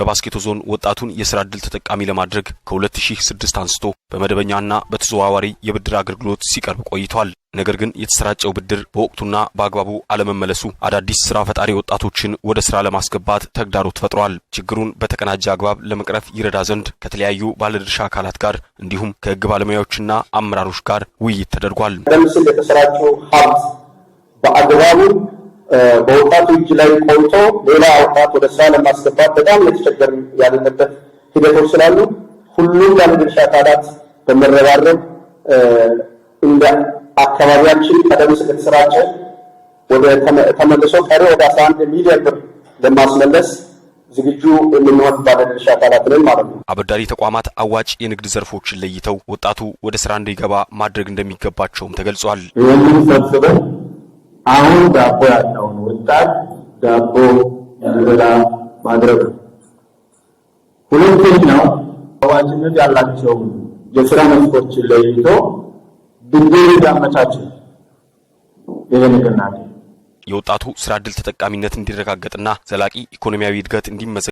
በባስኬቶ ዞን ወጣቱን የስራ እድል ተጠቃሚ ለማድረግ ከ2006 አንስቶ በመደበኛና በተዘዋዋሪ የብድር አገልግሎት ሲቀርብ ቆይቷል። ነገር ግን የተሰራጨው ብድር በወቅቱና በአግባቡ አለመመለሱ አዳዲስ ስራ ፈጣሪ ወጣቶችን ወደ ስራ ለማስገባት ተግዳሮት ፈጥሯል። ችግሩን በተቀናጀ አግባብ ለመቅረፍ ይረዳ ዘንድ ከተለያዩ ባለድርሻ አካላት ጋር እንዲሁም ከህግ ባለሙያዎችና አመራሮች ጋር ውይይት ተደርጓል። በምስል የተሰራጨው ሀብት በአግባቡ በወጣቱ እጅ ላይ ቆይቶ ሌላ ወጣት ወደ ስራ ለማስገባት በጣም የተቸገር ያለበት ሂደቶች ስላሉ ሁሉም ባለድርሻ አካላት በመረባረብ እንደ አካባቢያችን ቀደም ሲል የተሰራጨ ወደ ተመልሶ ቀሪ ወደ 11 ሚሊዮን ብር ለማስመለስ ዝግጁ የምንሆን ባለድርሻ አካላት ነን ማለት ነው። አበዳሪ ተቋማት አዋጭ የንግድ ዘርፎችን ለይተው ወጣቱ ወደ ስራ እንዲገባ ማድረግ እንደሚገባቸውም ተገልጿል። ይህንን ሰብስበው አሁን ዳቦ ያለ ወጣት ዳቦ እንዲበላ ማድረግ ነው። ሁለተኛው አዋጅነት ያላቸውን የስራ መስኮች ለይቶ ብድር ያመቻቸው ይሄ ንቅናቄ የወጣቱ ስራ ዕድል ተጠቃሚነት እንዲረጋገጥና ዘላቂ ኢኮኖሚያዊ እድገት እንዲመዘ